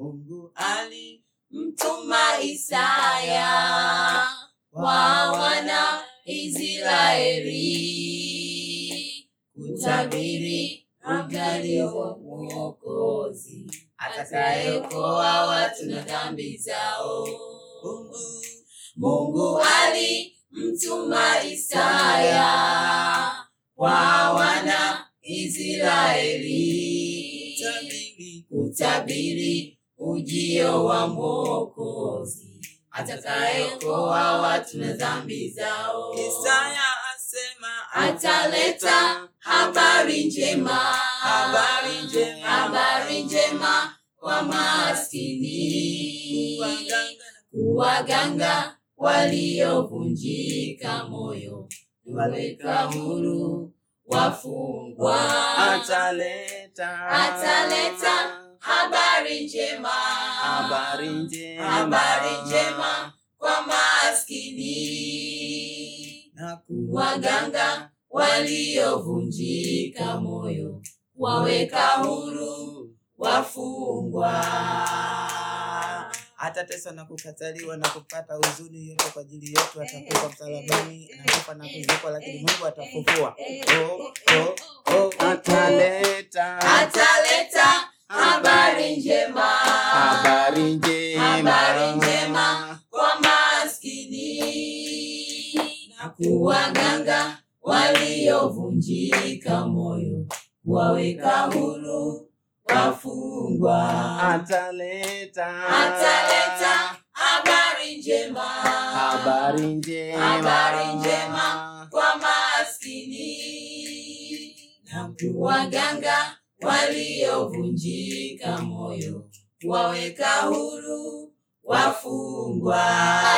Mungu alimtuma Isaya kwa wana Israeli kutabiri ugali wa Mwokozi atakayeokoa watu na dhambi zao. Mungu, Mungu alimtuma Isaya kwa wana Israeli kutabiri ujio wa Mwokozi atakayeokoa watu na dhambi zao. Isaya asema ataleta habari njema, habari njema, habari njema kwa maskini, kuwaganga waliovunjika moyo, kuwaweka huru wafungwa. Ataleta, ataleta habari njema, habari njema, habari njema kwa maskini na kuwaganga waliovunjika moyo, waweka huru wafungwa. hata Atateswa na kukataliwa na kupata huzuni yote kwa ajili yetu, atakufa msalabani, eh, eh, anakufa na eh, kuzikwa, lakini Mungu atafufua. Oh, oh, oh, oh ataleta, ataleta habari njema, habari njema kwa maskini na kuwaganga waliovunjika moyo, waweka huru wafungwa. Ataleta, ataleta habari njema, habari njema, habari njema kwa maskini na kuwaganga waliovunjika moyo waweka huru wafungwa.